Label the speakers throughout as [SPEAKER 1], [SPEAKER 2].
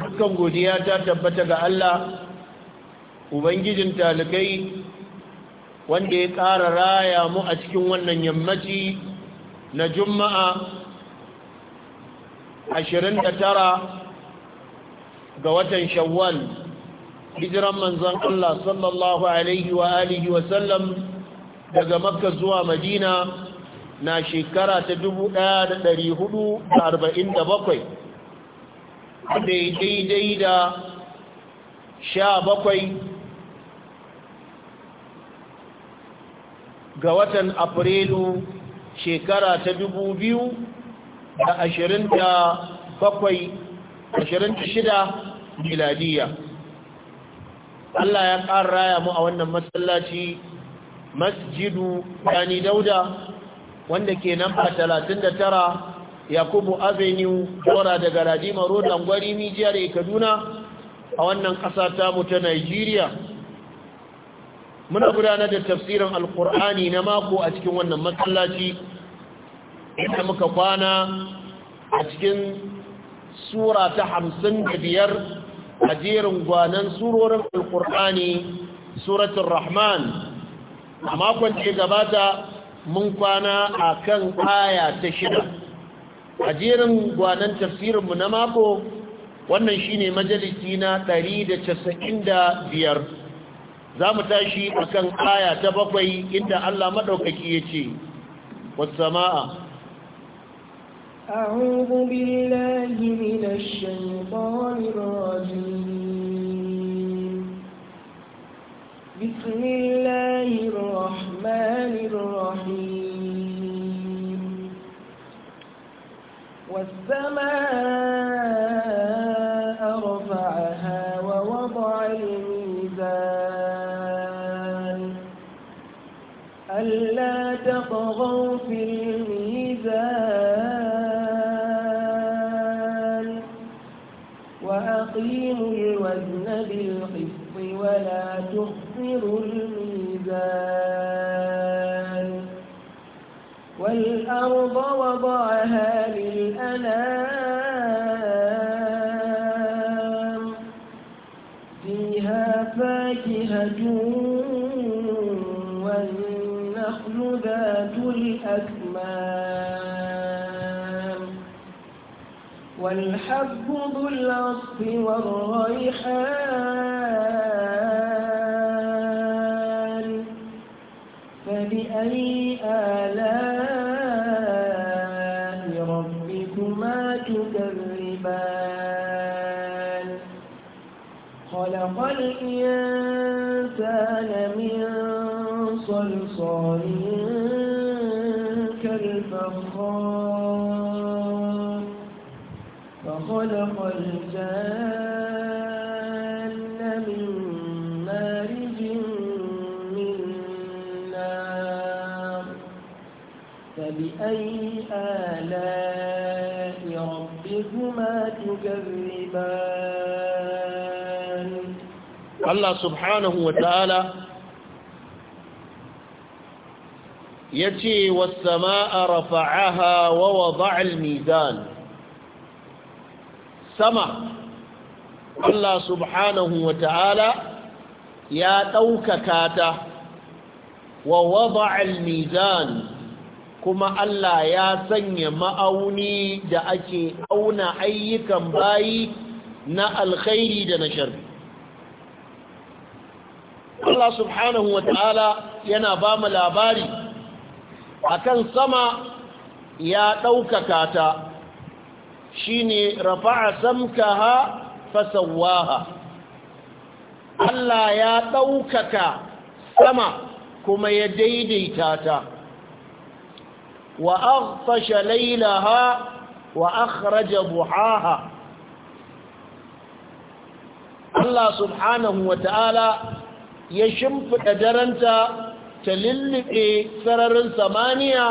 [SPEAKER 1] dukkan godiya ta tabbata
[SPEAKER 2] ga Allah ubangijin talibai wanda ya ƙara raya mu a cikin wannan yammaci na juma'a 29 ga watan shawwal hijiran manzon Allah sallallahu alaihi wa alihi wa sallam daga makka zuwa madina na shekara ta 1447 wanda daidai da sha bakwai ga watan afrilu shekara ta dubu biyu da ashirin da bakwai ashirin da shida miladiya Allah ya ƙara raya mu a wannan masallaci masjidu yani dauda wanda ke nan ba talatin da tara yakubu avenue jora daga radima road mijiya da kaduna a wannan ƙasa tamu ta nigeria muna gudanar da tafsirin alkur'ani na mako a cikin wannan matsalaci inda muka kwana a cikin sura ta hamsin da biyar a jerin gwanan surorin alkur'ani suratun rahman a makon da gabata mun kwana a kan aya ta shida a jerin gwanan tafsirinmu na mako wannan shine majalisi na 195 za mu tashi a kan aya ta bakwai inda Allah maɗaukaki ya ce wasama'a
[SPEAKER 1] أعوذ بالله من الشيطان الرجيم بسم ربكما تكذبان الله سبحانه وتعالى
[SPEAKER 2] يتي والسماء رفعها ووضع الميزان سما الله سبحانه وتعالى يا توككاته ووضع الميزان kuma Allah ya sanya ma'auni da ake auna ayyukan bayi na alkhairi da na sharri Allah subhanahu wa ta'ala yana ba mu labari akan sama ya ɗaukaka ta shi ne rafa'a samkaha fasawaha Allah ya ɗaukaka sama kuma ya daidaita ta وأغطش ليلها وأخرج ضحاها الله سبحانه وتعالى يشمف درنت تللقي سرر ثمانية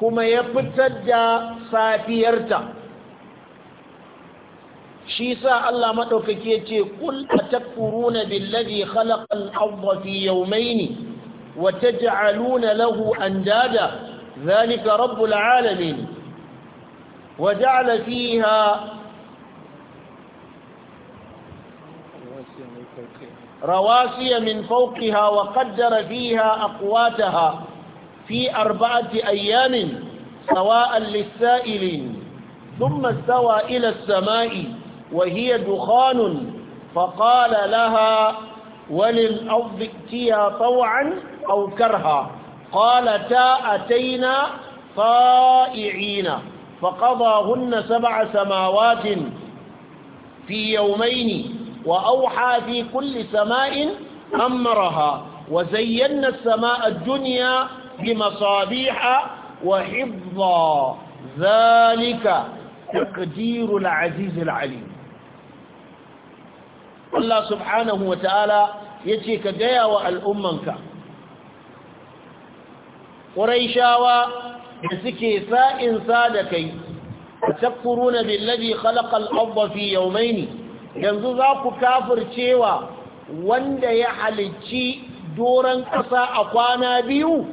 [SPEAKER 2] كما يفتد سافيرتا شيسا الله مدوكك يتي قل أتكفرون بالذي خلق الأرض في يومين وتجعلون له أندادا ذلك رب العالمين وجعل فيها رواسي من فوقها وقدر فيها أقواتها في أربعة أيام سواء للسائلين ثم استوى إلى السماء وهي دخان فقال لها وللأرض ائتيا طوعا أو كرها تا أتينا طائعين فقضاهن سبع سماوات في يومين وأوحى في كل سماء أمرها وزينا السماء الدنيا بمصابيح وحفظا ذلك تقدير العزيز العليم الله سبحانه وتعالى يتيك ديا كان ƙuraishawa da suke sa'in sa da kai takfuruna billazi khalaqal arda fi yawmayn yanzu za ku kafircewa wanda ya halicci doron ƙasa a kwana biyu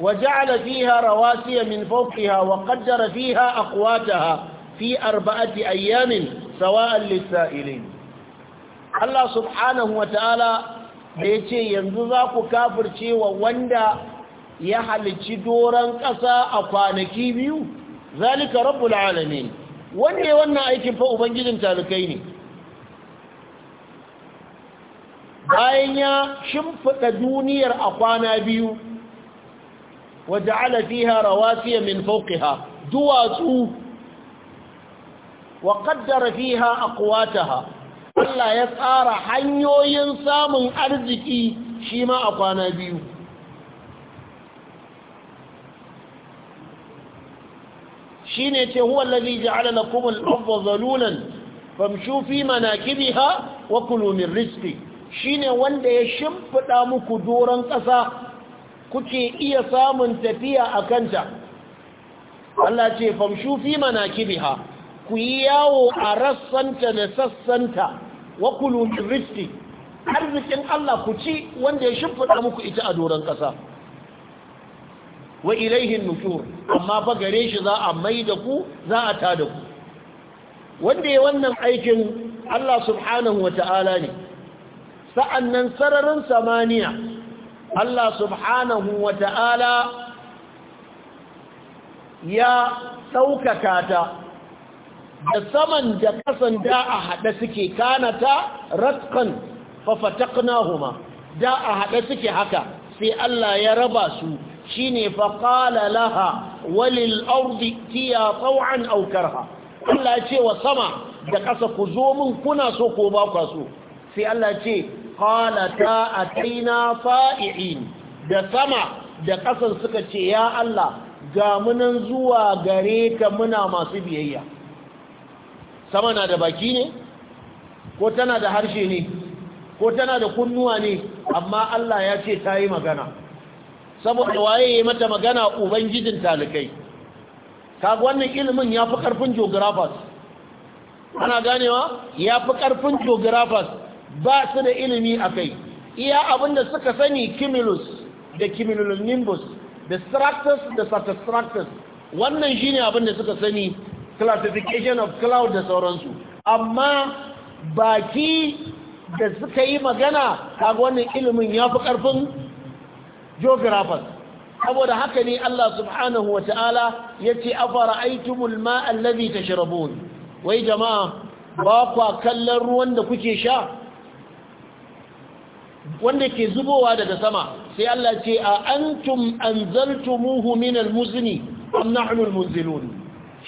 [SPEAKER 2] وجعل فيها رواسي من فوقها وقدر فيها أقواتها في أربعة أيام سواء للسائلين الله سبحانه وتعالى da ya ce yanzu za ku kafirce wa wanda ya halicci doron ƙasa a kwanaki biyu zalika rabbul alamin wanda ya wannan aikin fa ubangijin talikai ne bayan ya shimfiɗa duniyar a kwana biyu wadda alafiha rawasiya min fauƙiha duwatsu wa ƙaddara fiha aqwataha Allah ya tsara hanyoyin samun arziki shi ma a kwana biyu shi ne ce huwa lalzi ja'ala lakum al-ardha zalulan famshu fi manakibiha wa kulu min rizqi shine wanda ya shimfiɗa muku doron ƙasa kuke iya samun tafiya a kanta Allah ce famshu fi manakibiha ku yi yawo a rassanta da sassanta wa min rizqi arzikin Allah ku ci wanda ya shimfiɗa muku ita a doron ƙasa. wa ilaihi amma fa gare shi za a mai da ku za a ta da ku wanda ya wannan aikin Allah subhanahu ta'ala ne sa'annan sararin samaniya Allah subhanahu
[SPEAKER 1] wata'ala
[SPEAKER 2] ya ɗaukaka ta da saman da kasan da a haɗe suke kanata ratkan fafatakna huma da a haɗe suke haka sai Allah ya raba su shi ne faƙala laha walil ardi tiya tsawon aukar ha Allah ce wa sama da ƙasa ku zo min kuna so ko ba ku so sai Allah ce ƙala ta a taina fa'i'in da sama da ƙasan suka ce ya Allah ga munan zuwa gare ka muna masu biyayya sama na da baki ne ko tana da harshe ne ko tana da kunnuwa ne amma Allah ya ce ta yi magana saboda waye ya mata magana ubangijin talikai kaga wannan ilimin ya fi karfin geographers ana ganewa ya fi karfin geographers ba su da ilimi a kai iya abinda suka sani kimilus da kimilonimbus da structures da satisfactors wannan shine abinda suka sani classification of cloud da sauransu amma baki da suka yi magana kaga wannan ilimin ya fi ƙarfin geographers saboda haka ne Allah subhanahu wa ta'ala ya ce a aitumul ma'an lazi ta shirabun wai jama'a ba kwa kallon ruwan da kuke sha wanda ke zubowa daga sama sai Allah ce a antum anzaltumuhu minal muzni am nahnu al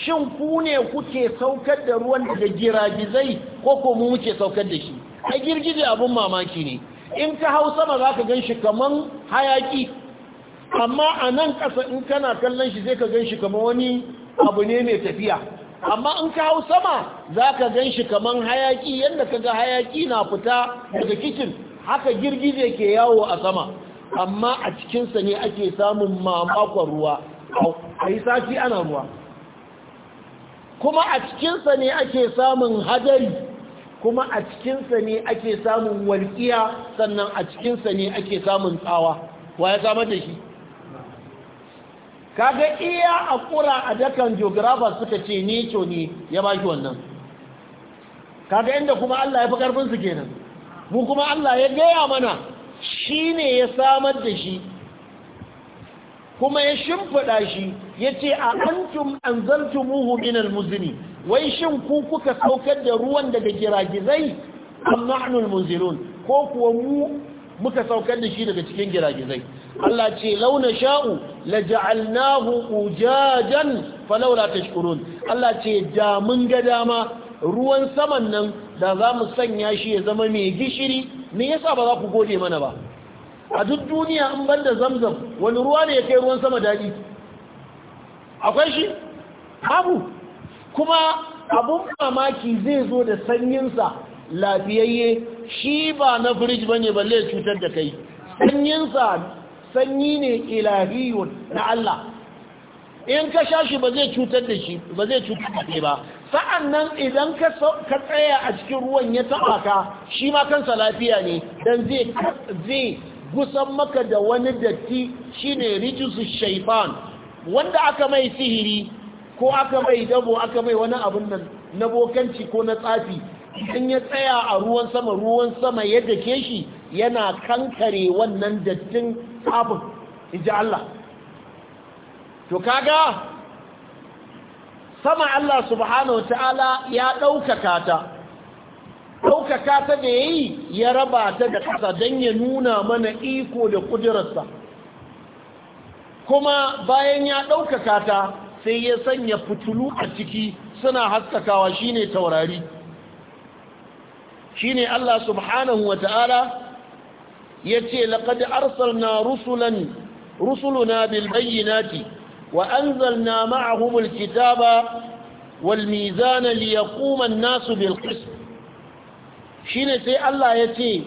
[SPEAKER 2] shin ku ne kuke saukar da ruwan daga giragizai ko ko mu muke saukar da shi a girgije abin mamaki ne in ka hau sama za ka gan shi kaman hayaki amma a nan ƙasa in kana kallon shi zai ka gan shi kaman wani abu ne mai tafiya amma in ka hau sama za ka gan shi kaman hayaki yadda ka ga hayaki na fita daga kicin haka girgije ke yawo a sama amma a cikinsa ne ake samun mamakon ruwa a yi sati ana ruwa kuma a cikinsa ne ake samun hadari kuma a cikinsa ne ake samun walƙiya sannan a cikinsa ne ake samun tsawa wa ya samar da shi kaga iya a ƙura a dakan geografa suka ce neco ne ya ba shi wannan kaga inda kuma Allah ya fi ƙarfinsu kenan mu kuma Allah ya gaya mana shi ne ya samar da shi kuma ya shimfiɗa shi Ya ce a antum anzaltumuhu min almuzni wai shin ku kuka saukar da ruwan daga giragizai am nahnu ko kuwa mu muka saukar da shi daga cikin giragizai Allah ce launa sha'u laja'alnahu ujajan falawla tashkurun Allah ce da mun ga dama ruwan saman nan da za mu sanya shi ya zama mai gishiri me yasa ba za ku gode mana ba a duk duniya an banda zamzam wani ruwa ne ya kai ruwan sama daɗi akwai shi babu kuma abun mamaki zai zo da sanyinsa lafiyayye shi ba na firij bane balle cutar da kai sanyinsa sanyi ne ilahiyun na Allah in ka sha shi ba zai cutar da shi ba zai cutar da kai ba sa'annan idan ka ka tsaya a cikin ruwan ya taba ka shi ma kansa lafiya ne dan zai zai gusan maka da wani datti shine rijisu shaytan wanda aka mai sihiri ko aka mai dabo aka mai wani abun nan na bokanci ko na tsafi in ya tsaya a ruwan sama ruwan sama ya dake shi yana kankare wannan dattin tsafin inji Allah to kaga sama Allah subhanahu ta'ala ya ɗaukaka ta ɗaukaka ta da ya yi ya raba ta da ƙasa don ya nuna mana iko da ƙudurarsa kuma bayan ya ɗaukaka ta sai ya sanya fitulu a ciki suna haskakawa shine taurari shine Allah subhanahu wa ta'ala ya ce laƙad arsalna rusulan rusuluna bil bayyinati wa anzalna ma'ahumul kitaba wal mizana liyaquma nasu bil shine sai Allah ya ce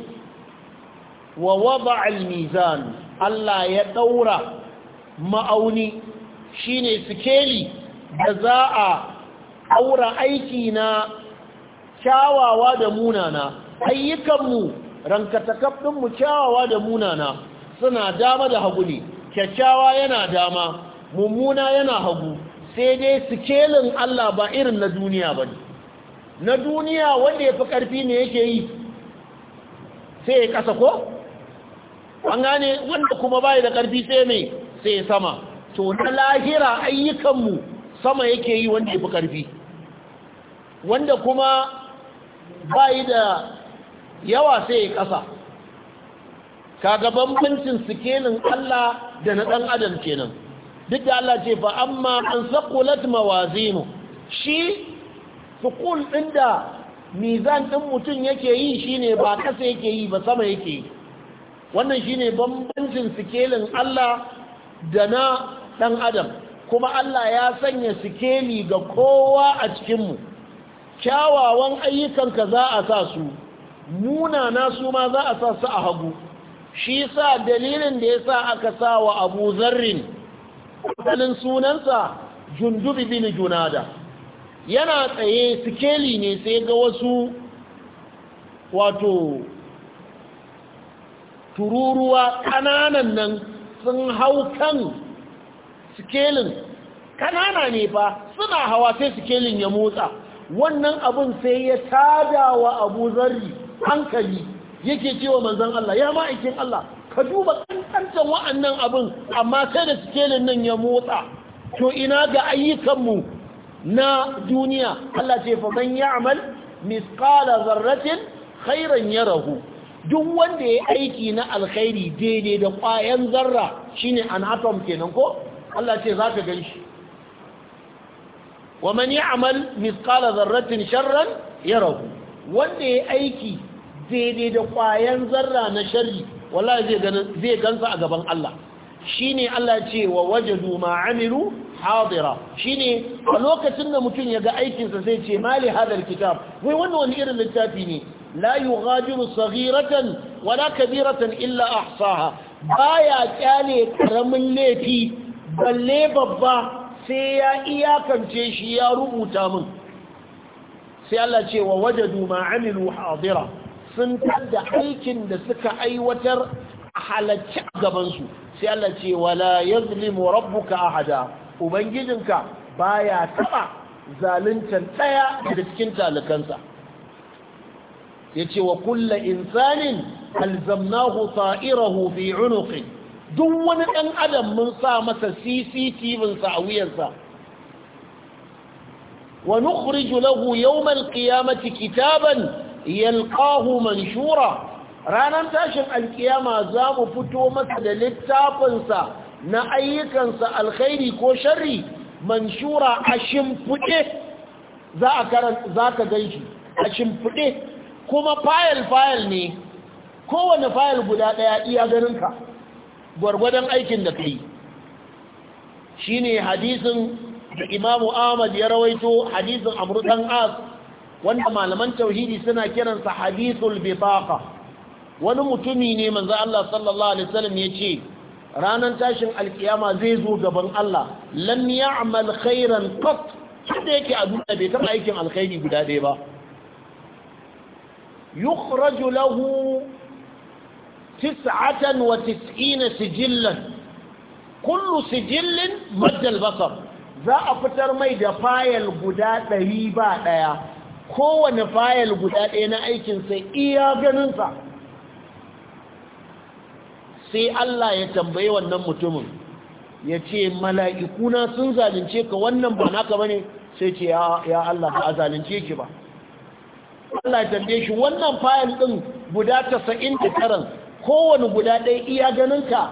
[SPEAKER 2] wa waba al mizan Allah ya ɗaura. ma'auni shine sikeli da za a aura aiki na kyawawa da munana ayyukanmu rankatakafinmu kyawawa da munana suna dama da hagu ne kyakkyawa yana dama mummuna yana hagu sai dai sikelin Allah ba irin na duniya ba ne na duniya wanda ya fi ƙarfi ne yake yi sai ya ƙasa ko? an gane wanda kuma bai da ƙarfi sai mai sai sama to na lahira ayyukanmu sama yake yi wanda ya fi ƙarfi wanda kuma bayi da yawa sai ya ƙasa kaga bambancin sikelin Allah da na ɗan adam kenan duk da Allah ce fa amma an saqulat mawazinu shi sukul ɗin da mizan ɗin mutum yake yi shine ba ƙasa yake yi ba sama yake yi wannan shine bambancin sikelin Allah da na ɗan adam kuma Allah ya sanya sikeli ga kowa a cikinmu kyawawan ayyukanka za a sa su munana su ma za a sa su a hagu shi sa dalilin da ya sa aka sa wa abu zarrin ƙasanin sunansa jundubi bin junada yana tsaye sikeli ne sai ga wasu wato tururuwa ƙananan nan sun hau kan sikelin kanana ne ba suna hawa sai sikelin ya motsa wannan abin sai ya tada wa abu zarri hankali yake cewa manzan Allah ya ma'aikin Allah ka duba kankancin wa'annan abin amma sai da sikelin nan ya motsa to ina ga ayyukanmu na duniya Allah ce fa man ya'mal misqala zarratin khairan yarahu duk wanda ya aiki na alkhairi daidai da kwayan zarra shine an atom kenan ko Allah ce za ka gan shi wa man ya'mal mithqala dharratin sharran yarahu wanda ya aiki daidai da kwayan zarra na sharri wallahi zai gani zai gansa a gaban Allah shine Allah ce wa wajadu ma amilu hadira shine a lokacin da mutum ya ga aikinsa sai ce mali hadal kitab wai wannan wani irin littafi ne la yughadiru saghiratan wala kabiratan illa ahsaha baya kyale karamin laifi balle babba sai ya iyakance shi ya rubuta min sai Allah ce wa wajadu ma amilu hadira sun tada aikin da suka aiwatar halacci a gabansu sai Allah ce wala yazlimu rabbuka ahada ubangijinka baya taba zaluntan daya daga cikin talakansa yace wa kulle insanin alzamnahu ta'irahu fi 'unuqi duk wani ɗan adam mun sa masa CCTV sa a wuyansa wa nukhriju lahu yawm alqiyamati kitaban yalqahu manshura ranan tashin alqiyama za mu fito masa da littafinsa na ayyukansa alkhairi ko sharri manshura a shimfude za a karan za ka ganshi a kuma fayil-fayil ne kowane fayil guda ɗaya iya ganinka gwargwadon aikin da ka yi shi ne hadisin da imamu ahmad ya rawaito hadisin amurkan as wanda malaman tauhidi suna kiransa hadisul bifaka wani mutumi ne manzo Allah sallallahu alaihi wasallam ya ce ranar tashin alkiyama zai zo gaban Allah lam ya'mal khairan qat kada yake a duniya bai taɓa aikin alkhairi guda ɗaya ba يخرج له تسعة وتسعين سجلا كل سجل مد البصر za a fitar mai da fayal guda ɗari ba ɗaya kowane fayal guda ɗaya na aikinsa iya ganinsa sai Allah ya tambaye wannan mutumin ya ce mala'ikuna sun zalunce ka wannan ba naka ba ne sai ce ya Allah ba a zalunce ki ba Allah ya tambaye shi wannan fayil din guda 99 kowane guda ɗaya iya ganin ka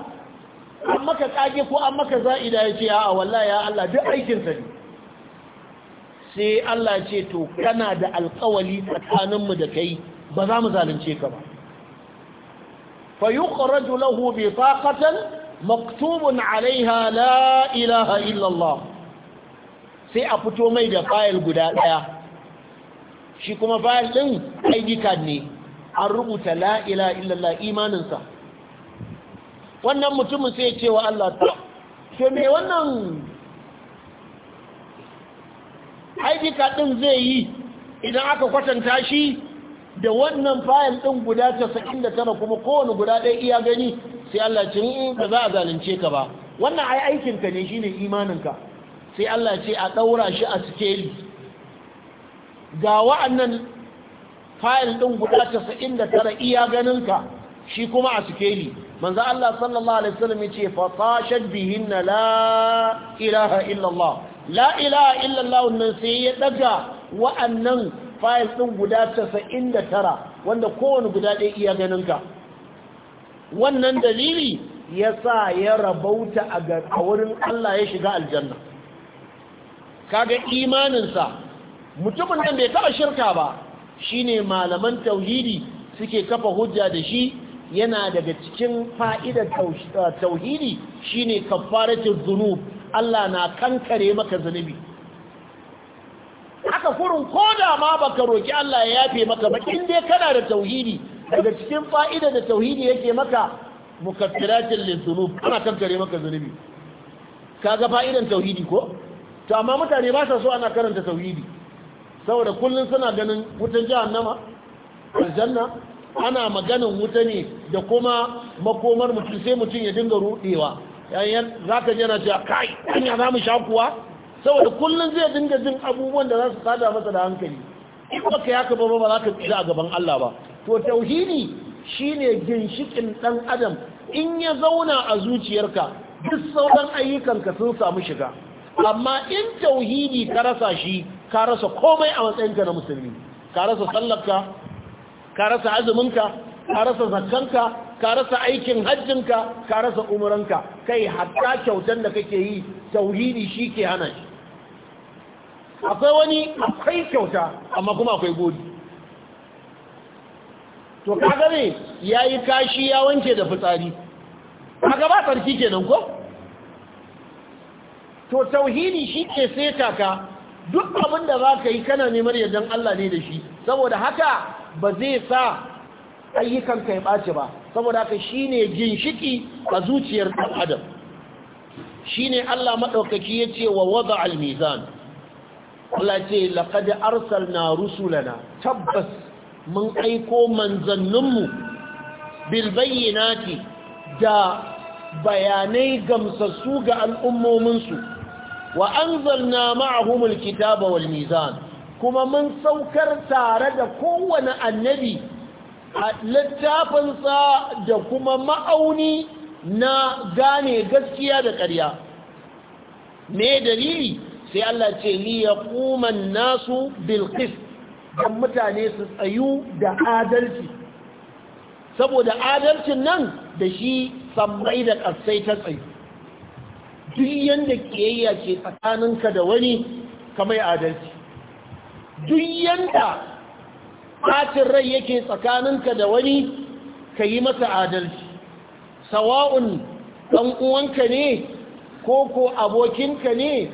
[SPEAKER 2] an maka kage ko an maka za'ida ya ce a'a wallahi ya Allah duk aikin sa ne sai Allah ce to kana da alƙawali mu da kai ba za mu zalunce ka ba fa yukhraju lahu bi faqatan maktubun alaiha la ilaha illallah sai a fito mai da fayil guda ɗaya. shi kuma fayil ɗin aiki ne an rubuta la'ila illallah imaninsa wannan mutumin sai ce wa Allah ta ke mai wannan aiki ɗin zai yi idan aka kwatanta shi da wannan fayil ɗin guda 99 kuma kowane guda ɗaya iya gani sai Allah ce mm, ba za a zalunce ka ba wannan ai aikinka ne shi ne imaninka sai Allah ce a ɗaura shi a sikeli ga wa'annan fayil ɗin guda casa'in da tara iya ganinka shi kuma a sikeli manzo Allah sallallahu alaihi wasallam ya fa tashat bihinna la ilaha illallah la ilaha illallah wannan sai ya daga wa'annan fayil ɗin guda casa'in da tara wanda kowane guda ɗaya iya ganinka wannan dalili ya sa ya rabauta a wurin Allah ya shiga aljanna kaga imaninsa mutumin nan bai taɓa shirka ba shine malaman tauhidi suke kafa hujja da shi yana daga cikin fa'idar eh, tauhidi shine kaffaratul zunub Allah na kankare maka zunubi haka kurin koda ma baka roki Allah ya yafe maka ba in dai kana da tauhidi daga cikin fa'ida da tauhidi yake maka mukaffiratul dhunub ana kankare maka zunubi kaga fa'idan tauhidi ko to amma mutane ba sa so ana karanta tauhidi saboda kullum suna ganin wutan jahannama aljanna ana maganin wuta ne da kuma makomar mutum sai mutum ya dinga rudewa yayin za ka na cewa kai hanya za mu sha kuwa saboda kullum zai dinga jin abubuwan da za su sada masa da hankali ko ka yaka ba ba za ka ji a gaban Allah ba to tauhidi shine ginshikin dan adam in ya zauna a zuciyarka duk sauran ayyukanka sun samu shiga amma in tauhidi ka rasa shi ka rasa komai a matsayinka na musulmi ka rasa sallarka ka rasa azuminka ka rasa zakkanka ka rasa aikin hajjinka ka rasa umuranka kai hatta kyautar da kake yi tauhidi shi ke hana shi akwai wani akwai kyauta amma kuma akwai godi to kaga ne ya yi kashi ya wanke da fitsari kaga ba tsarki kenan ko to tauhidi shi ke sai kaka duk abin da za ka yi kana neman yardan Allah ne da shi saboda haka ba zai sa ayyukan ka ya ɓaci ba saboda haka shi ne ginshiki a zuciyar ɗan adam shi ne Allah maɗaukaki ya ce wa waza almizan Allah ce na arsalna rusulana tabbas mun aiko manzanninmu bilbayyanati da bayanai gamsassu ga al'ummominsu wa anzalna ma'ahum alkitaba wal mizan kuma mun saukar tare da kowane annabi a littafinsa da kuma ma'auni na gane gaskiya da ƙarya me dalili sai Allah ce ni ya kuman nasu bilqis dan mutane su tsayu da adalci saboda adalcin nan da shi sammai da ƙasai ta tsayu duk yanda kiyayya ke tsakaninka da wani ka adalci duk yadda ɓacin rai yake tsakaninka da wani ka yi masa adalci sawa'un ɗan uwanka ne ko ko abokinka ne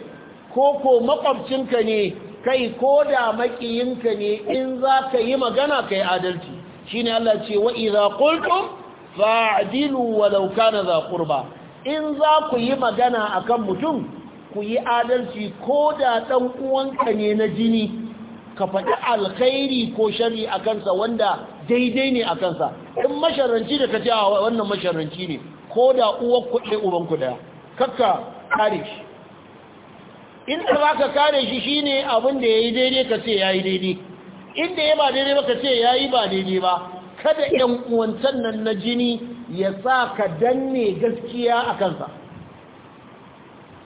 [SPEAKER 2] ko ko makwabcinka ne kai ko da maƙiyinka ne in za ka yi magana ka yi adalci shi ne Allah ce wa ƙulƙun fa’adilu wa lauka kana za ƙurba in za ku yi magana a kan mutum ku yi adalci ko da ɗan uwanka ne na jini ka faɗi alkhairi ko shari a kansa wanda daidai ne a kansa in masharanci da ka ce a wannan masharanci ne ko da uwar kuɗe uban kuɗa kakka kare shi in da za ka kare shi shi ne abin da ya yi daidai ka ce ya yi daidai inda ya ba daidai ba ka ce ya yi ba daidai ba kada ‘yan uwancan nan na jini ya sa ka danne gaskiya a kansa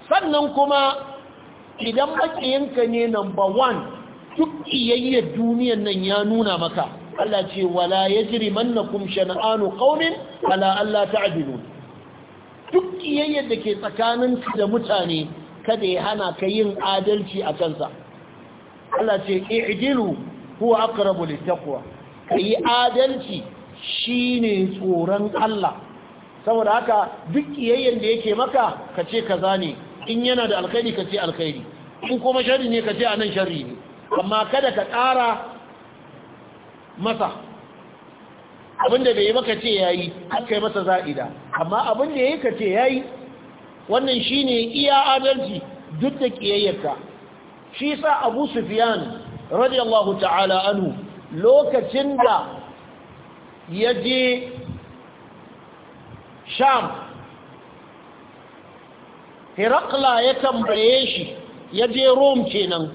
[SPEAKER 2] sannan kuma idan maƙiyanka ne number one duk iyayyar duniyan nan ya nuna maka Allah ce wala ya jiri mannakum shana'anu ƙaunin ala Allah ta'adilu duk iyayyar da ke tsakaninsu da mutane kada ya hana ka yin adalci a kansa Allah ce i'dilu huwa aqrabu littafuwa. ka yi adalci shi ne tsoron Allah saboda haka duk ƙiyayyen da yake maka ka ce ka zane in yana da alkhairi ka ce alkhairi in kuma shari ne ka ce a nan shari ne amma kada ka ƙara masa abinda bai yi maka ce ya yi aka yi masa za'ida amma abinda ya yi ka ce ya yi wannan shi ne iya adalci duk da kiyayyarka shi sa abu sufiyan radiyallahu ta'ala anhu lokacin da ya je sham hirakla ya tambaye shi ya je rom kenan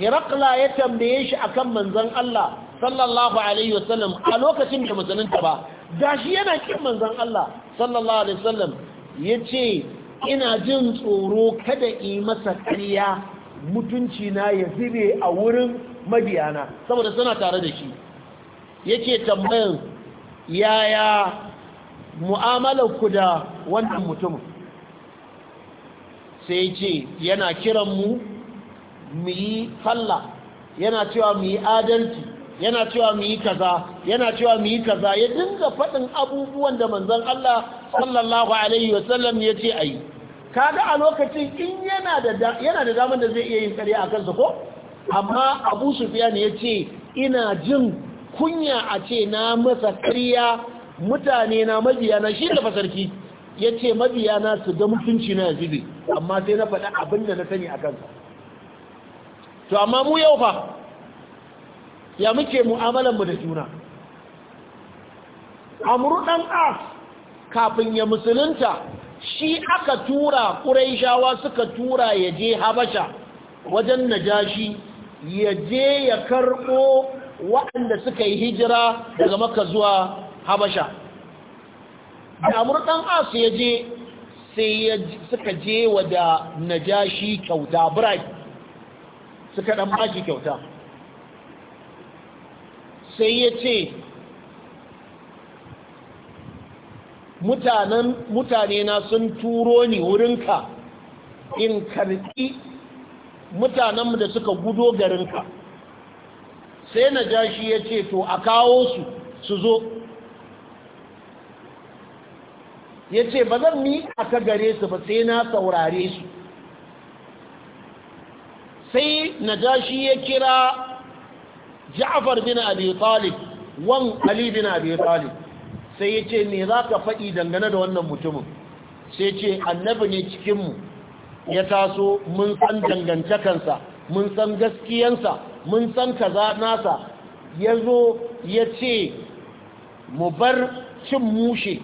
[SPEAKER 2] hirakla ya tambaye shi akan manzan Allah sallallahu alaihi wasallam a lokacin da musulunta ba da shi yana kin manzan Allah sallallahu alaihi wasallam ya ce ina jin tsoro kada yi masa kariya. mutunci na ya zube a wurin mabiyana saboda suna tare da shi yake tambayin yaya ku da wannan mutumin sai ce yana kiran mu mu yi falla yana cewa mu yi adalci yana cewa mu yi kaza yana cewa mu yi kaza ya dinga faɗin abubuwan da manzon Allah sallallahu alaihi wasallam ya ce a yi kaga a lokacin in yana da yana da daman da zai iya yin kare a kansa ko amma Abu Sufyan ya ce ina jin kunya a ce na masa kariya mutane na mabiya na shi da fasarki yace mabiya na su ga mutunci na zibi amma sai na faɗa abin na sani a kansa to amma mu yau fa ya muke mu'amalar mu da juna amru dan as kafin ya musulunta shi aka tura ƙuraishawa suka tura ya je habasha wajen najashi ya je ya karɓo waɗanda suka yi hijira daga maka zuwa habasha Da ɗan asu ya je sai suka je da najashi kyauta birai suka ɗan maki kyauta sai ya ce mutanen mutane na sun turo ni wurinka in karki mutanenmu da suka gudo garinka sai na ja shi ya ce to a kawo su su zo ya ce ba zan miƙa ka gare su ba sai na saurare su sai na ja shi ya kira ja'afar bin abi talib wan ali bin abi talib sai ya ce me za ka faɗi dangane da wannan mutumin sai ce annabi ne cikinmu ya taso mun san dangantakansa mun san gaskiyansa mun san kaza nasa ya zo ya ce mu bar cin mushe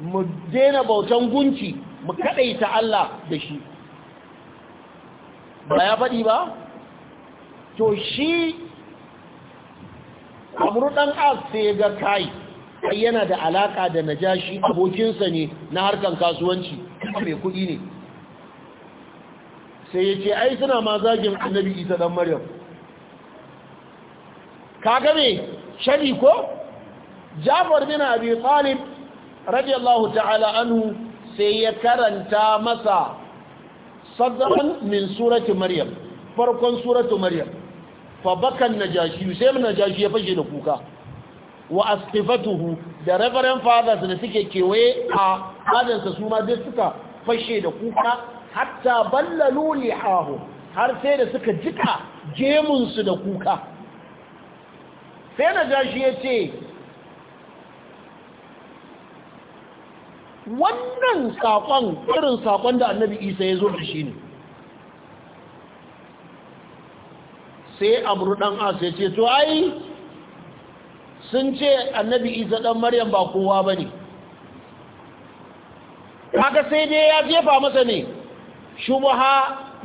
[SPEAKER 2] mu daina bautan gunci, mu ta Allah da shi ba ya faɗi ba to shi amurɗan as sai ga kai ai yana da alaka da najashi abokinsa ne na harkan kasuwanci mai kudi ne sai ya ce ai suna ma zagin annabi isa dan maryam kaga me shari ko jafar bin abi talib radiyallahu ta'ala anhu sai ya karanta masa sadran min surati maryam farkon suratu maryam fa bakan najashi sai najashi ya fashe da kuka wa astifatuhu da reverend fathers da suke kewaye a adansa su ma dai suka fashe da kuka hatta ballalu lihahu har sai da suka jika gemunsu da kuka sai na gashi ya ce wannan saƙon irin saƙon da annabi isa ya zo da shi ne sai amurɗan as ya ce to ai sun ce annabi isa ɗan maryam ba kowa ba ne haka sai dai ya jefa masa ne ha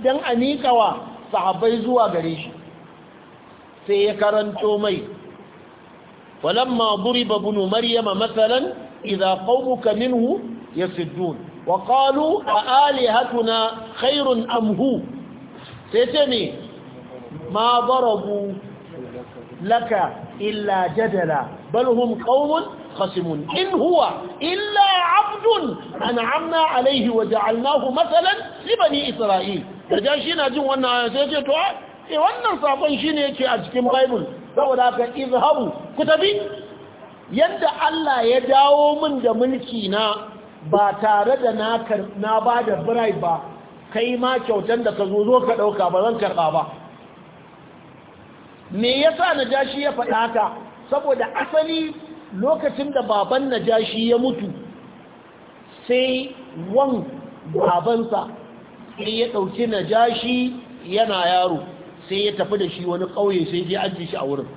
[SPEAKER 2] don a wa sahabbai zuwa gare shi sai ya karanto mai buri ba bunu maryama matsalan idza qaumuka minhu ya yasiddun wa qalu a alihatuna khairun amhu sai ce ne ma barabu laka إلا جدلا بل هم قوم خصمون إن هو إلا عبد أنعمنا عليه وجعلناه مثلا لبني إسرائيل فجاشي ناجم وانا آياتي توا إيه وانا صافن شيني يكي أجكم غيبون فولاك إذهبوا كتبي yadda Allah ya dawo min da mulki na ba tare da na ba da birai ba kai ma kyautan da ka zo zo ka ɗauka ba zan karɓa ba me yasa najashi ya faɗa haka saboda asali lokacin da baban najashi ya mutu sai wan babansa sai ya ɗauki najashi yana yaro sai ya tafi da shi wani ƙauye sai ya ajiye shi a wurin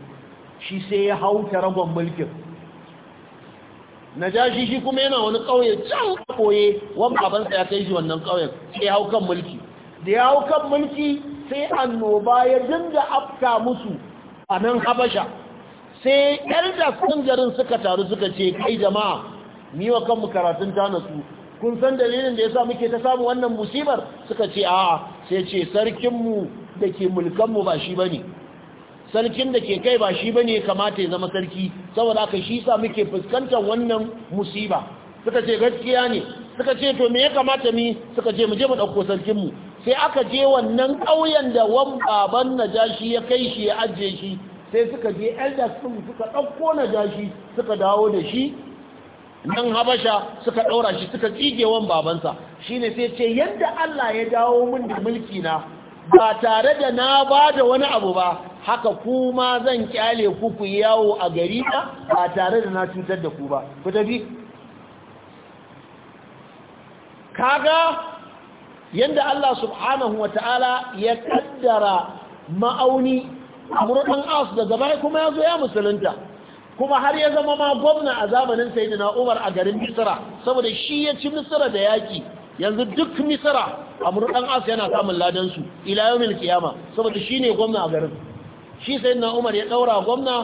[SPEAKER 2] shi sai ya hau ragon mulkin najashi shi kuma yana wani ƙauye can koye wan babansa ya kai shi wannan ƙauyen sai ya hau kan mulki da ya hau kan mulki sai annoba ya dinga afka musu a nan habasha sai elders ɗin garin suka taru suka ce kai jama'a ni wa kanmu karatun ta nasu kun san dalilin da yasa muke ta samu wannan musibar suka ce a'a sai ce sarkinmu da ke mulkanmu ba shi bane sarkin da ke kai ba shi bane kamata ya zama sarki saboda aka shi sa muke fuskantar wannan musiba suka ce gaskiya ne suka ce to me ya kamata mi suka ce mu je mu dauko sarkinmu sai aka je wannan ƙauyen da wan baban najashi ya kai shi ya ajiye shi sai suka je elders sun suka ɗauko najashi suka dawo da shi nan habasha suka ɗaura shi suka tsige wan babansa shine sai ce yadda Allah ya dawo min da mulki na ba tare da na ba da wani abu ba haka kuma zan kyale ku ku yawo a gari na ba tare da na cutar da ku ba ku tafi kaga yadda Allah subhanahu wa ta'ala ya kaddara ma'auni murɗan as daga baya kuma ya zo ya musulunta kuma har ya zama ma gwamna a zamanin sayidina umar a garin misira saboda shi ya ci misira da yaƙi yanzu duk misira a murɗan as yana samun ladansu ila kiyama saboda shi ne gwamna a garin shi sayidina umar ya ɗaura gwamna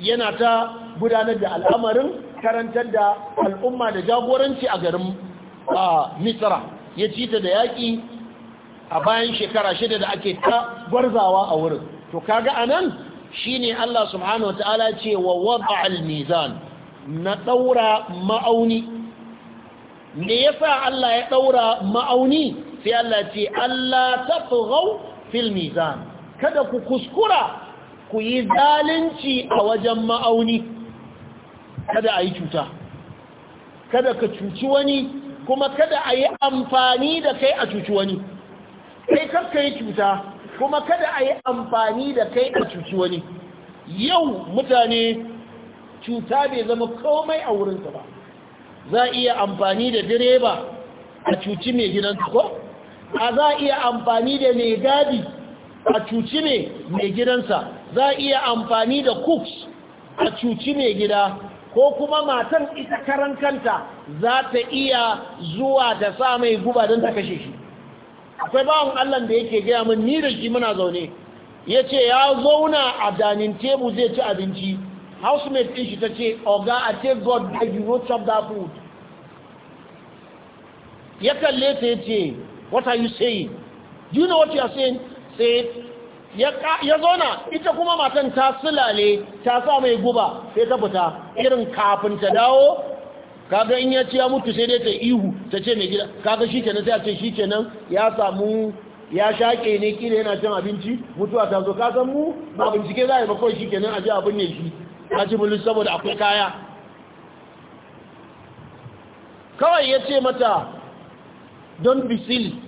[SPEAKER 2] yana ta gudanar da al'amarin karantar da al'umma da jagoranci a garin misira ya ci ta da yaƙi a bayan shekara shida da ake ta gwarzawa a wurin to kaga anan shine Allah subhanahu wataala ce wa wada al-mizan na daura ma'auni me yasa Allah ya daura ma'auni sai Allah ce Allah tafghaw fil mizan kada ku kuskura ku yi zalunci a wajen ma'auni kada a yi cuta kada ka cuci wani kuma kada a yi amfani da kai a cuci wani kai karka yi cuta kuma kada a yi amfani da kai a cuci wani yau mutane cuta bai zama komai a wurinsa ba za a iya amfani da direba a cuci mai gidansa ko a za a iya amfani da mai gadi a cuci mai mai gidansa za a iya amfani da cooks a cuci mai gida ko kuma matan ita karan kanta za ta iya zuwa da sa mai guba don ta kashe shi akwai bawan allah da yake gaya min ni da shi muna zaune ya ce ya zauna a danin tebu zai ci abinci housemate ɗin shi ta ce oga a take god beg you not chop that food ya kalle ta ya ce what are you saying do you know what you are saying Say. ya zona ita kuma matan ta sulale ta sa mai guba sai ta fita irin kafin ta dawo kaga in ya ce ya mutu sai dai ta ihu ta ce mai gida kaga shi kenan sai a ce shi kenan ya samu ya shaƙe ne kila yana cin abinci mutuwa ta zo kasan mu ba bincike za a yi makon shi kenan a ji abin ne shi a ci bulus saboda akwai kaya kawai ya ce mata don bisili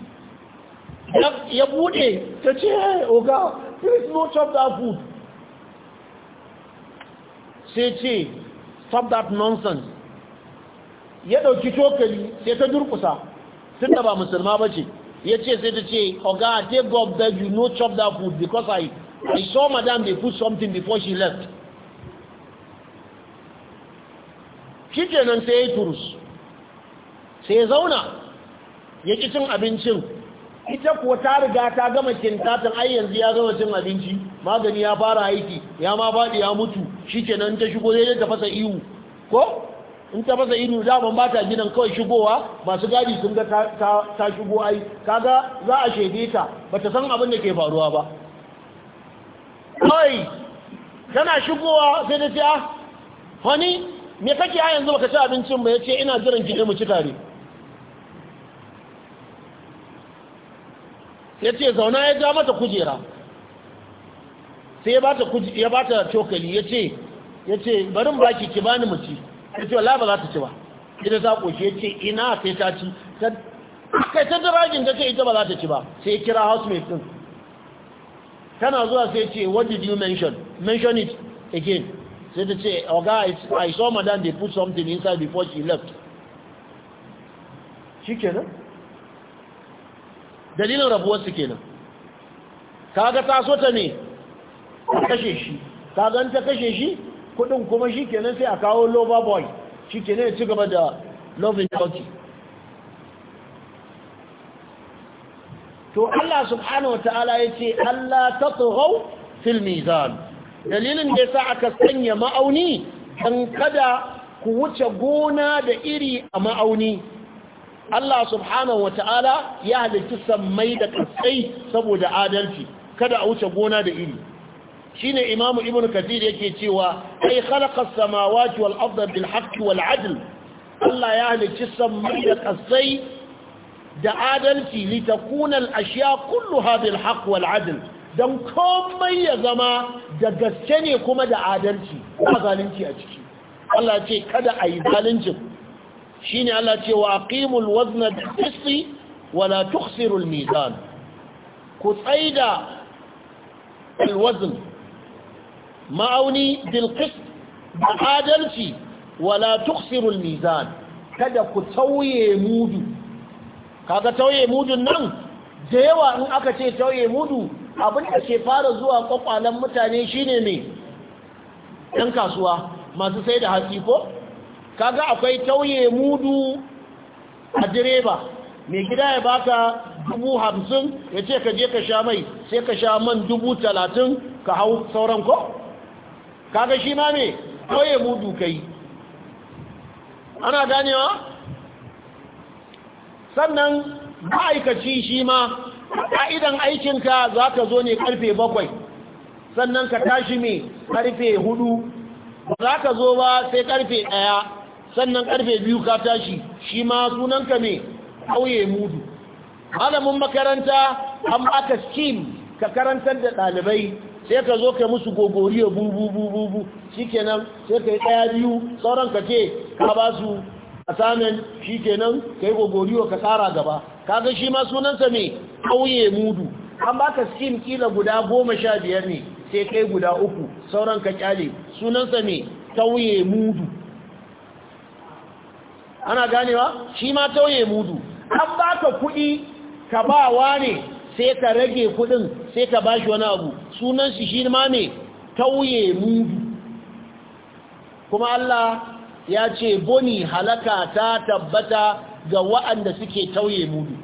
[SPEAKER 2] ya bude ta ce oga there is no chop that food sai ce stop that nonsense ya dauki cokali sai ta durkusa tun da ba musulma ba ce ya ce sai ta ce oga take up that you no chop that food because i i saw madam they put something before she left shi nan sai ya turus sai ya zauna ya ki cin abincin ita kuwa ta riga ta gama kintatan ai yanzu ya gama cin abinci magani ya fara aiki ya ma faɗi ya mutu shikenan ta shigo zai ta fasa ihu ko in ta fasa ihu za mu bata gidan kawai shigowa masu gadi sun ga ta shigo ai kaga za a shaide ta bata san abin da ke faruwa ba kai tana shigowa sai da ta ah, honey me kake a yanzu baka ci abincin ba yace ina jiran ki mu ci tare ya ce zauna ya ja mata kujera sai ya ba ta cokali ya ce ya ce barin baki ki bani mace ya ce wala ba za ta ci ba ita ta ƙoshi ya ce ina sai ta ci kai ta jiragin ta ce ita ba za ta ci ba sai ya kira housemate din tana zuwa sai ce what did you mention mention it again sai ta ce oga oh, i saw madam they put something inside before she left shi kenan dalilin rabuwarsu kenan kaga ta so ta ne kashe shi kaga ta kashe shi kudin kuma shi kenan sai a kawo lover boy shi kenan ya ci gaba da loving duty to Allah subhanahu wa ta'ala ya ce Allah ta tsohau fil mizan dalilin da ya sa aka sanya ma'auni kan kada ku wuce gona da iri a ma'auni Allah subhanahu wa ta'ala ya halitta sammai da ƙasai saboda adalci kada a wuce gona da iri shi ne imamu ibn kathir yake cewa ai khalaqa as-samawati bil Allah ya halicci sammai da ƙasai da adalci li takuna al kullu kulluha bil haqq wal adl dan komai ya zama da gaske ne kuma da adalci ba zalunci a ciki Allah ce kada a yi zaluncin shine Allah ce wa aqimul wazna bil wala tukhsiru al ku tsaida al ma'auni bil qist da adalci wala tukhsiru al mizan kada ku tauye mudu kaga tauye mudun nan da yawa in aka ce tauye mudu abin da ke fara zuwa kwakwalen mutane shine ne ɗan kasuwa masu sai da hatsi ko kaga akwai tauye mudu a direba mai gida ya baka dubu hamsin ya ce ka je ka sha mai sai ka sha man dubu talatin ka hau sauran ko? kaga shi ma mai tauye mudu ka yi ana ganewa? sannan ma'aikaci shi ma ka'idan aikinka za ka zo ne karfe bakwai sannan ka tashi mai karfe hudu ba za ka zo ba sai karfe ɗaya sannan karfe biyu ka tashi shi ma sunanka ne ƙauye mudu malamin makaranta an baka steam ka karantar da ɗalibai sai ka zo ka musu gogoriya bubu-bubu shi kenan sai ka yi ɗaya biyu sauran ka ce ka ba su asamen shi kenan ka yi gogoriya ka tsara gaba kaga shi ma sunansa ne ƙauye mudu an baka steam kila guda goma sha biyar ne sai kai guda uku sauran ka kyale sunansa ne ƙauye mudu ana ganewa shi ma tauye mudu an baka kudi ka ba wane sai ka rage kudin sai ka bashi wani abu sunan shi shi ma ne tauye mudu kuma Allah ya ce boni halaka ta tabbata ga wa'anda suke tauye mudu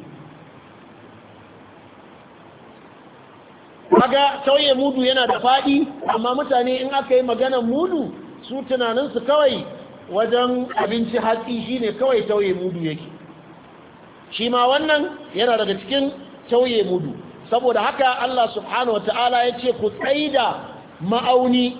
[SPEAKER 2] kaga tauye mudu yana da faɗi amma mutane in aka yi maganar mudu su tunaninsu kawai wajen abinci hatsi shine kawai tauye mudu yake shi ma wannan yana daga cikin tauye mudu saboda haka Allah subhanahu wataala ya ce ku tsaida ma'auni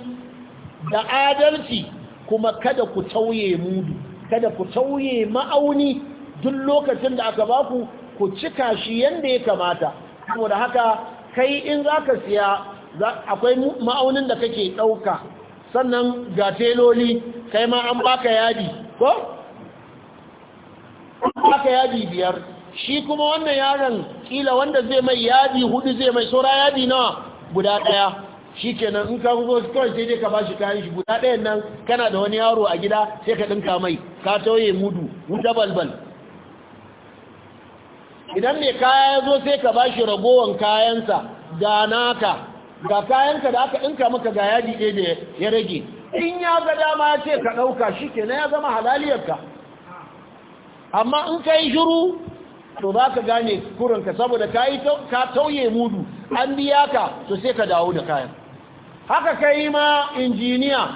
[SPEAKER 2] da adalci kuma kada ku tauye mudu kada ku tauye ma'auni duk lokacin da aka baku ku cika shi yanda ya kamata saboda haka kai in zaka siya akwai ma'aunin da kake ɗauka sannan ga teloli kai ma an baka yadi ko? baka yadi biyar shi kuma wannan yaron kila wanda zai mai yadi hudu zai mai saura yadi nawa guda daya shi kenan in ka zo kawai sai dai ka bashi kayan shi guda dayan nan kana da wani yaro a gida sai ka dinka mai ka tauye mudu wuta balbal idan mai kaya ya zo sai ka bashi ragowar ragowan kayansa ga naka ga kayanka da aka ɗinka maka ga yadi ɗaya da ya rage in ya ga dama ya ce ka ɗauka shi ke na ya zama halaliyarka amma in ka yi shiru to za ka gane kurinka saboda ka tauye mudu an biya ka to sai ka dawo da kayan haka ka yi ma injiniya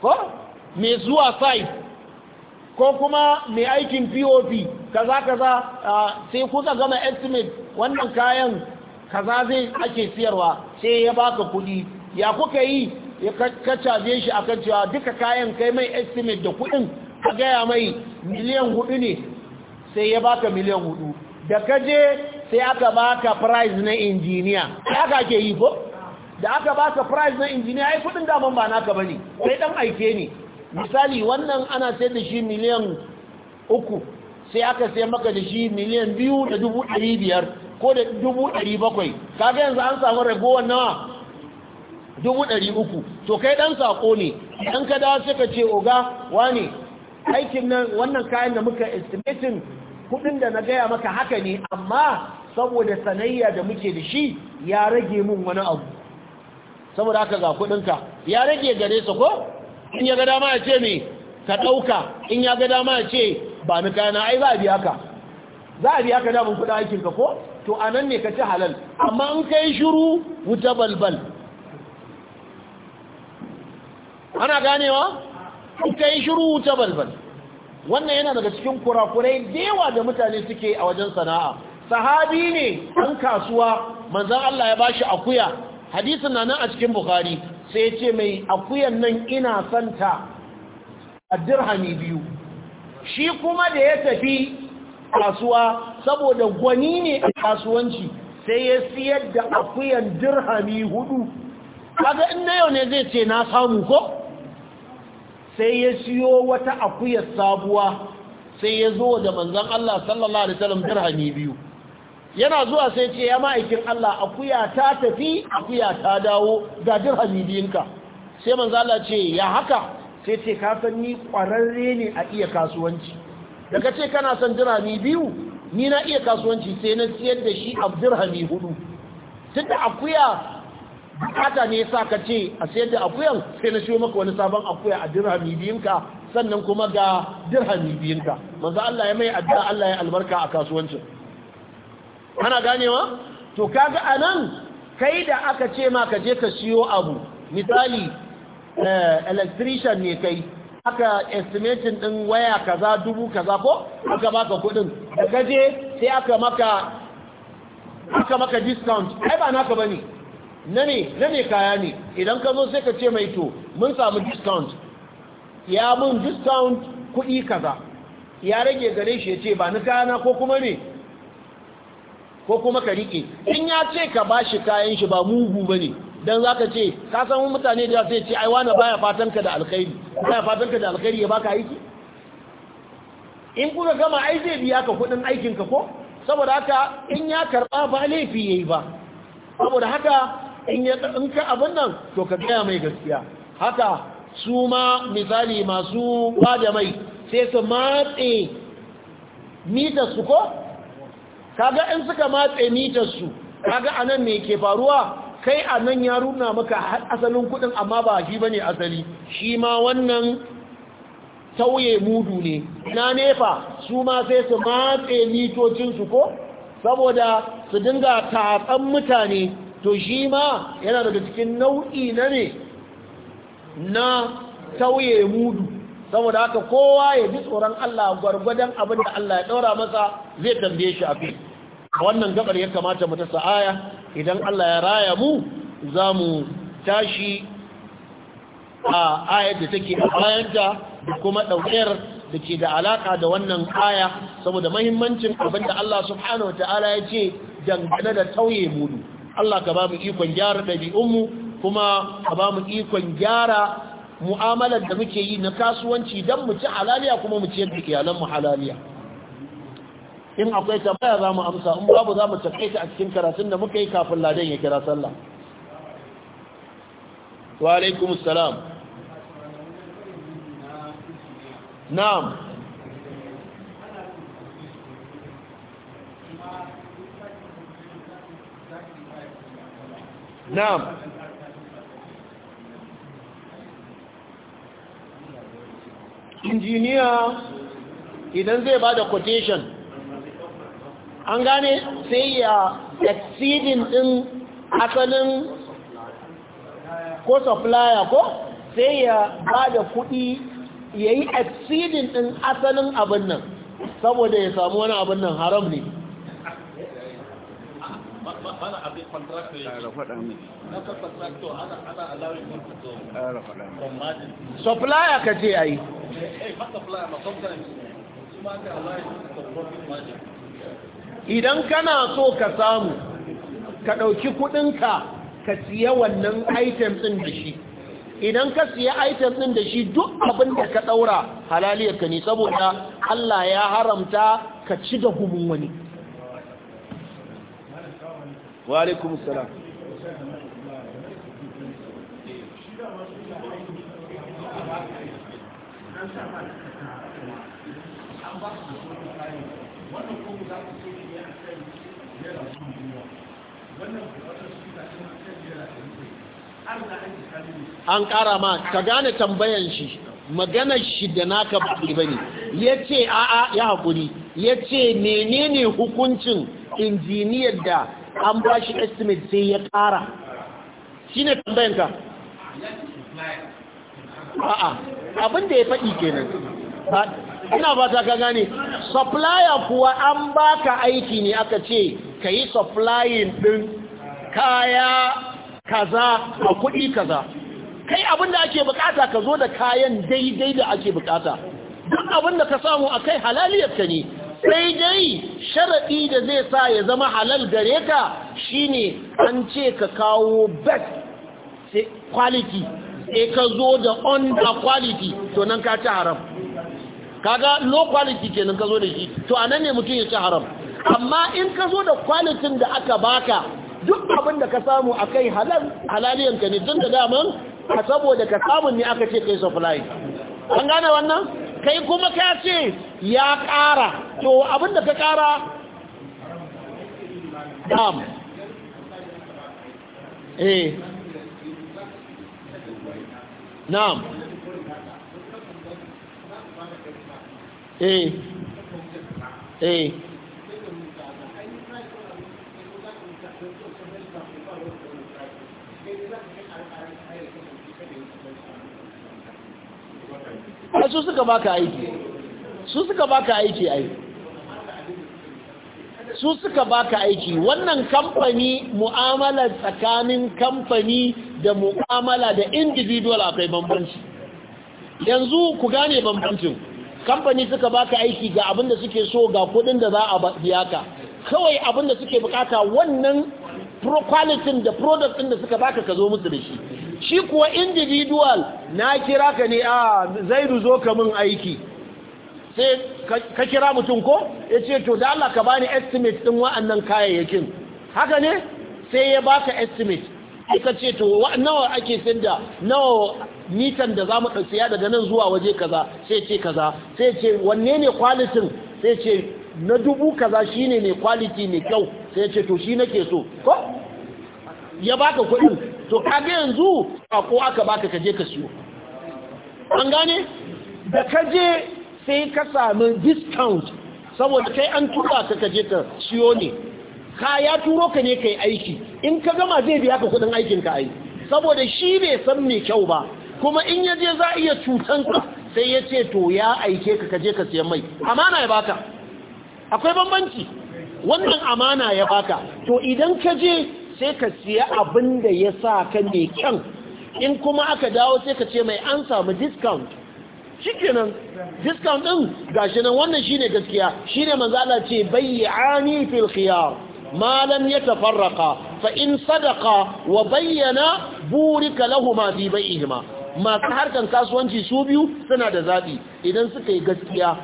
[SPEAKER 2] ko mai zuwa site ko kuma mai aikin pop kaza kaza sai kuka gama estimate wannan kayan kaza zai ake siyarwa sai ya baka kudi ya kuka yi ya kacaje shi akan cewa duka kayan kai mai estimate da kudin a gaya mai miliyan hudu ne sai ya baka miliyan hudu da ka sai aka baka price na injiniya aka ke yi ko da aka baka price na injiniya ai kuɗin daman ba naka bane sai dan aike ne misali wannan ana sayar da shi miliyan uku sai aka sayar maka da shi miliyan biyu da dubu ɗari biyar ko da dubu ɗari bakwai kaga yanzu an samu ragowar nawa dubu ɗari uku to kai ɗan saƙo ne ɗan ka dawo suka ce oga wani aikin nan wannan kayan da muka estimatin kuɗin da na gaya maka haka ne amma saboda sanayya da muke da shi ya rage mun wani abu saboda haka ga kuɗinka ya rage gare su ko in ya ga dama ya ce me ka ɗauka in ya ga dama ya ce ba ni kayana ai za a biya ka za a biya ka damun kuɗin aikinka ko to a nan ne ka ci halal amma in kai shiru wuta balbal ana ganewa in kai shiru wuta balbal wannan yana daga cikin kurakurai da yawa da mutane suke a wajen sana'a sahabi ne an kasuwa manzan Allah ya bashi akuya hadisin na nan a cikin bukari sai ce mai akuyan nan ina santa a dirhami biyu shi kuma da ya tafi kasuwa saboda gwani ne a kasuwanci sai ya siyar da akuyan dirhami hudu kaga in na yau ne zai ce na samu ko sai ya siyo wata akuyar sabuwa sai ya zo da manzan Allah sallallahu alaihi wasallam dirhami biyu yana zuwa sai ce ya ma'aikin Allah akuya ta tafi akuya ta dawo ga dirhami biyinka sai manzan Allah ce ya haka sai ce ka san ni kwararre ne a iya kasuwanci daga ce kana son dirhami biyu ni na iya kasuwanci sai na siyar da shi a dirhami hudu tun da akuya bukata ne sa ka ce a siyar da akuyan sai na shi maka wani sabon akuya a dirhami biyunka sannan kuma ga dirhami biyunka manzo Allah ya mai addu'a Allah ya albarka a kasuwancin ana ganewa to kaga anan kai da aka ce ma ka je ka siyo abu misali eh, electrician ne kai aka estimating din waya kaza dubu kaza ko aka baka kudin da kaje sai aka maka aka maka discount ai ba naka bane na ne na ne kaya ne idan ka zo sai ka ce mai to mun samu discount ya mun discount kudi kaza ya rage gare shi ya ce ba ni kayana ko kuma ne ko kuma ka rike in ya ce ka bashi kayan shi ba mugu bane dan zaka ce ka san mutane da sai ce ai wani baya fatan ka da alkhairi baya fatan ka da alkhairi ya baka aiki in kuka gama ai zai biya ka kudin aikin ko saboda haka in ya karba ba laifi yayi ba saboda haka in ya in ka abin nan to ka gaya mai gaskiya haka su ma misali masu bada mai sai su matse mitar su ko kaga in suka matse mitar su kaga anan me ke faruwa kai a nan ya runa maka asalin kudin amma ba shi bane asali shi ma wannan tauye mudu ne na nefa su ma sai su matse mitocinsu ko saboda su dinga tatsan mutane to shi ma yana daga cikin nau'i na ne na tauye mudu saboda haka kowa ya ji tsoron Allah gwargwadon abin da Allah ya daura masa zai tambaye shi a kai A wannan gabar ya kamata mu ta sa'aya idan Allah ya raya mu za mu tashi a ayar da take a bayanta da kuma ɗaukar da ke da alaƙa da wannan aya saboda mahimmancin abin da Allah subhanahu wa ta'ala ya ce dangane da tauye mudu Allah ka ba mu ikon gyara ɗabi'unmu kuma ka ba mu ikon gyara mu'amalar da muke yi na kasuwanci don mu ci halaliya kuma mu ciyar da iyalanmu halaliya in akwai tambaya za mu amsa in babu za mu ta a cikin karatun da muka yi kafin ladan ya kira sallah wa alaikum salam
[SPEAKER 1] na'am na'am injiniya
[SPEAKER 2] idan zai ba da quotation an gane sai ya exceeding din asalin ko supplier ko sai ya ba da kuɗi ya yi exceeding din asalin abin nan saboda ya samu wani abin nan haram ne supplier ka ce a yi idan kana so ka samu ka ɗauki kuɗinka ka siya wannan item ɗin da shi idan ka siya item ɗin da shi duk abin da ka ɗaura halaliyarka ne saboda Allah ya haramta ka ci da gumin wani wannan kuma za ku ce ne a kan naira su wannan wata su ta ce a kan naira
[SPEAKER 1] da rufe na an ji an ƙara ma ka gane
[SPEAKER 2] tambayan shi maganar shi da naka ba ne bane ya ce a'a ya haƙuri ya ce menene hukuncin injiniyar da an ba shi estimate sai ya ƙara shi ne tambayanka a'a abinda ya faɗi kenan ina ba ta ka gane supplier kuwa an baka aiki ne aka ce ka yi supplying ɗin kaya kaza a kuɗi kaza kai abinda ake bukata ka zo da kayan daidai da ake bukata duk abinda ka samu akai kai halaliyarka ne sai dai sharaɗi da zai sa ya zama halal gare ka shine an ce ka kawo best quality sai ka zo da a quality to nan ka ci haram kaga low quality kenan ka zo da shi to anan ne mutum ya ci haram amma in ka zo da quality da aka baka duk abin da ka samu akai halal halaliyan ka ne tun da daman a saboda ka samu ne aka ce kai supply an gane wannan kai kuma ka ce ya kara to abin da ka kara dam eh na'am eh eh su suka baka aiki su suka baka aiki ai su suka baka aiki wannan kamfani mu'amala tsakanin kamfani da mu'amala da individual akwai bambanci yanzu ku gane bambancin kamfani suka baka aiki ga abin da suke so ga kudin da za a biya ka kawai abin da suke bukata wannan quality da product din da suka baka ka zo musu da shi shi kuwa individual na kira ka ne a ah, zai zo ka min aiki sai ka kira mutum ko ya ce to da Allah ka bani estimate ɗin wa'annan kayayyakin haka ne sai ya baka estimate sai ka ce to nawa ake sayar nawa mitan da za mu ya daga nan zuwa waje kaza sai ce kaza sai ce wanne ne kwalitin sai ce na dubu kaza shi ne kwaliti mai kyau sai ce to shi nake so ko ya baka kuɗin to ga yanzu ko aka baka ka je ka siyo an gane da ka je sai ka sami discount saboda kai an tuka ka je ka siyo ne ka ya turo ka ne kai aiki in ka gama zai biya ka kudin aikin ka ai saboda shi bai san me kyau ba kuma in yaje za iya cutan ka sai ya ce to ya aike ka kaje ka siyan mai amana ya baka akwai bambanci wannan amana ya baka to idan ka je sai ka siya abin da ya sa ka mai kyan in kuma aka dawo sai ka ce mai an samu discount shikenan discount din gashi nan wannan shine gaskiya shine manzo Allah ce bayyani fil khiyar ما لم يتفرقا فإن صدقا وبينا بورك لهما في بيئهما masu harkan kasuwanci su biyu suna da zaɓi idan suka yi gaskiya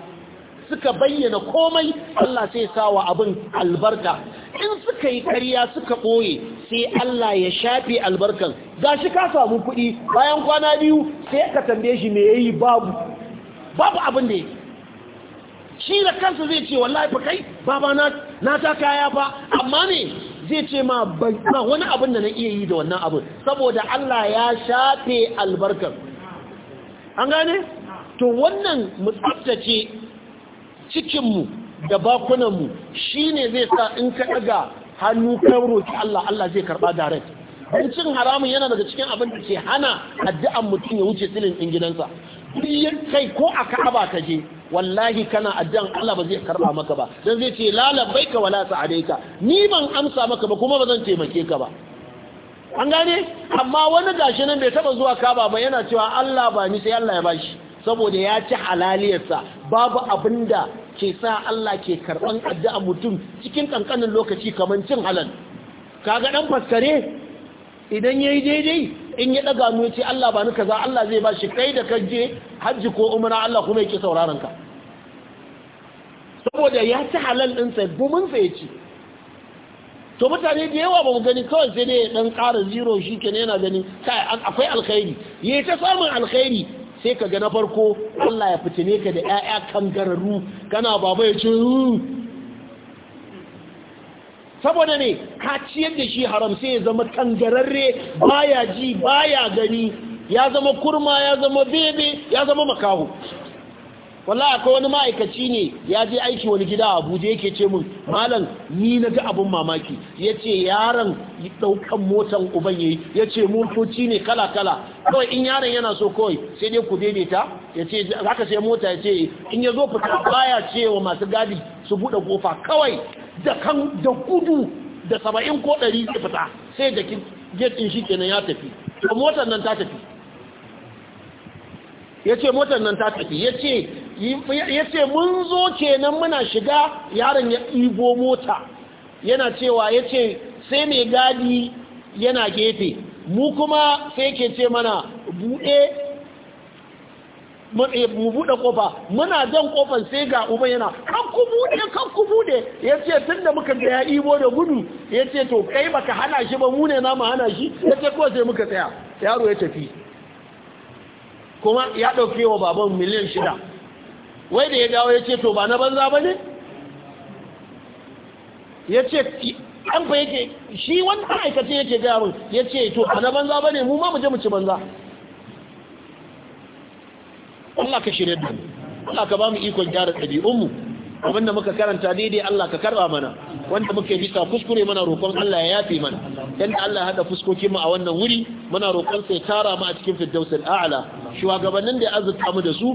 [SPEAKER 2] suka bayyana komai Allah sai sawa abin albarka in suka yi karya suka ɓoye sai Allah ya shafe albarkan gashi ka samu kuɗi bayan kwana biyu sai ka tambaye shi me yayi babu babu abin da yake shi da kansa zai ce wallahi fa kai baba na na ta kaya fa amma ne zai ce ma wani abin da na iya yi da wannan abin saboda Allah ya shafe albarkar an gane to wannan mu tsaftace cikin mu da bakunan mu shine zai sa in ka daga hannu ka roki Allah Allah zai karba direct dan cin haramun yana daga cikin abin da ke hana addu'an mutum ya wuce silin din gidansa kuliyar kai ko a ka'aba ka je wallahi kana addan Allah ba zai karba maka ba dan zai ce la labbaika wala sa'alaika ni ban amsa maka ba kuma ba zan taimake ka ba an gane amma wani gashi nan bai taba zuwa kaba ba yana cewa Allah ba ni sai Allah ya bashi saboda ya ci halaliyarsa babu abinda ke sa Allah ke karban addu'a mutum cikin kankanin lokaci kamar cin halal kaga dan faskare idan yayi daidai in ya daga mu ce Allah ba ni kaza Allah zai ba shi kai da ka je hajji ko umra Allah kuma yake sauraron ka saboda ya ci halal din sa gumin sa yace to mutane da yawa ba mu gani kawai sai dai dan ƙara zero shikenan yana gani kai akwai alkhairi yayi ta samun alkhairi sai ka ga na farko Allah ya fitine ka da ƴaƴa kangararru kana baba ya ce saboda ne ka ciyar da shi haram sai ya zama kangararre baya ji baya gani ya zama kurma ya zama bebe ya zama makahu wallahi akwai wani ma'aikaci ne ya je aiki wani gida a Abuja yake ce mun malam ni na ga abun mamaki yace yaron daukan motan uban yayi yace motoci ne kala kala kawai in yaron yana so kawai sai dai ku ta, yace zaka sai mota yace in yazo fita baya cewa masu gadi su buɗe kofa kawai da kan da gudu da 70 ko 100 zai fita sai da gate shi kenan ya tafi motar nan ta tafi ya ce motar nan ta tafi ya ce ya ce mun zo kenan muna shiga yaron ya ibo mota yana cewa ya ce sai mai gadi yana gefe mu kuma sai ke ce mana buɗe mu eh, buɗe ƙofa muna jan ƙofan sai ga uba yana kanku buɗe kanku buɗe ya ce tun da muka tsaya ibo da gudu ya ce to kai baka hana shi ba mu ne na mu hana shi ya ce kuwa sai muka tsaya yaro ya tafi kuma ya ɗauke wa baban miliyan shida wai da ya dawo ya ce to ba na banza ba ne ya ce an fa yake shi wani aikace yake gaya min ya ce to a na banza ba ne mu ma mu je mu ci banza Allah ka shirya da mu Allah ka ba mu ikon gyara ɗabi'unmu abinda muka karanta daidai Allah ka karɓa mana wanda muke bisa kuskure mana roƙon Allah ya yafe mana dan Allah ya hada fuskokin mu a wannan wuri muna roƙon sai tara mu a cikin firdausul a'la shugabannin da azurta mu da su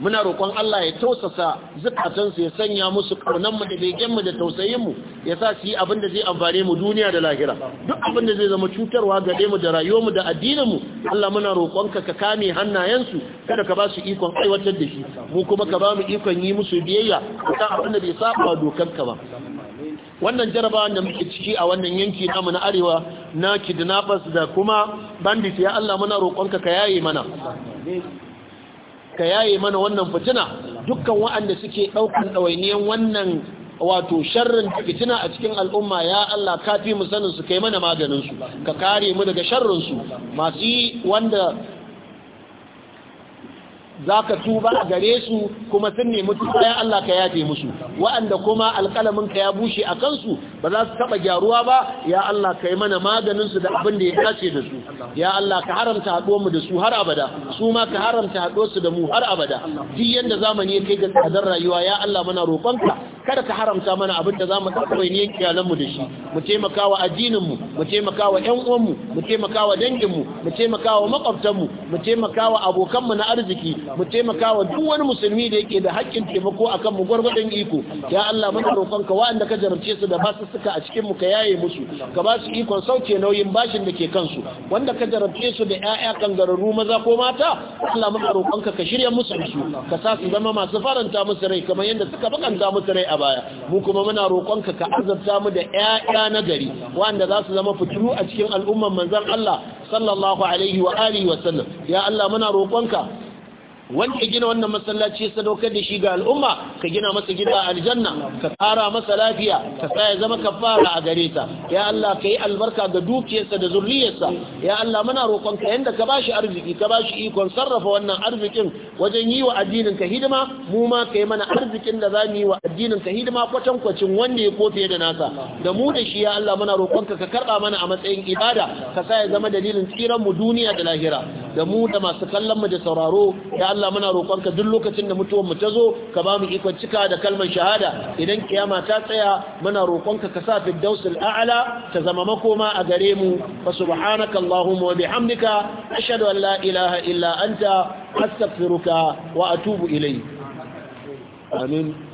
[SPEAKER 2] muna roƙon Allah ya tausasa zukatansu ya sanya musu ƙaunanmu da begenmu da tausayinmu ya sa su yi abin da zai amfane mu duniya da lahira duk abin da zai zama cutarwa gare mu da rayuwarmu da addininmu Allah muna roƙonka ka kame hannayensu kada ka ba su ikon aiwatar da shi mu kuma ka ba mu ikon yi musu biyayya akan abin da bai saba dokarka ba wannan jarabawan da muke ciki a wannan yanki namu na arewa na kidnappers da kuma bandit ya Allah muna roƙonka ka yaye mana ka yaye mana wannan fitina dukkan waɗanda suke ɗaukan ɗawainiyan wannan wato sharrin fitina a cikin al'umma ya Allah ka fi mu sanin su kai mana maganin su ka kare mu daga sharrin su masu wanda za ka tuba a gare su kuma sun nemi tuba ya Allah ka yafe musu wa'anda kuma alƙalamin ka ya bushe a kansu ba za su taɓa gyaruwa ba ya Allah ka yi mana maganin su da abin da ya dace da su ya Allah ka haramta haɗo mu da su har abada su ma ka haramta haɗo su da mu har abada duk yanda zamani ya kai ga tsadar rayuwa ya Allah muna roƙonka kada ta haramta mana abin da za mu ɗaukawai ne iyalanmu da shi mu taimaka wa addininmu mu taimaka wa ƴan uwanmu mu taimaka wa danginmu mu taimaka wa makwabtanmu mu taimaka wa abokanmu na arziki mu taimaka wa duk wani musulmi da yake da haƙƙin taimako akan mu gwargwadon iko ya Allah muna roƙonka waɗanda ka jarabce su da basu suka a cikin mu ka yaye musu ka ba su ikon sauke nauyin bashin da ke kansu wanda ka jarabce su da ƴaƴa kangararru maza ko mata Allah muna roƙon ka shirya musu ka sa su zama masu faranta musu rai kamar yadda suka bakanta musu rai a a baya mu kuma muna roƙonka ka azabta mu da ƴaƴa na gari wanda za su zama fitilu a cikin al'umman manzon Allah sallallahu alaihi wa alihi wa sallam ya Allah muna roƙonka wanda ya gina wannan masallaci ya sadaukar da shi ga al'umma ka gina masa gida a aljanna ka tsara masa lafiya ka sa ya zama kafara a gare ta ya Allah ka yi albarka ga dukiyarsa da zurriyarsa ya Allah muna roƙonka yanda ka bashi arziki ka bashi ikon sarrafa wannan arzikin wajen yi wa addinin ka hidima mu ma ka yi mana arzikin da zamu yi wa addinin ka hidima kwatan kwacin wanda ya kofe da nasa da mu da shi ya Allah muna roƙonka ka karba mana a matsayin ibada ka sa ya zama dalilin tsiran mu duniya da lahira da mu da masu kallon mu da sauraro ya Allah muna roƙonka duk lokacin da mutuwar mu ta zo ka ba mu ikon cika da kalmar shahada idan kiyama ta tsaya muna roƙonka ka sa firdausul a'la ta zama makoma a gare mu fa subhanaka allahumma wa bihamdika ashhadu an la ilaha illa anta astaghfiruka wa atubu ilayk amin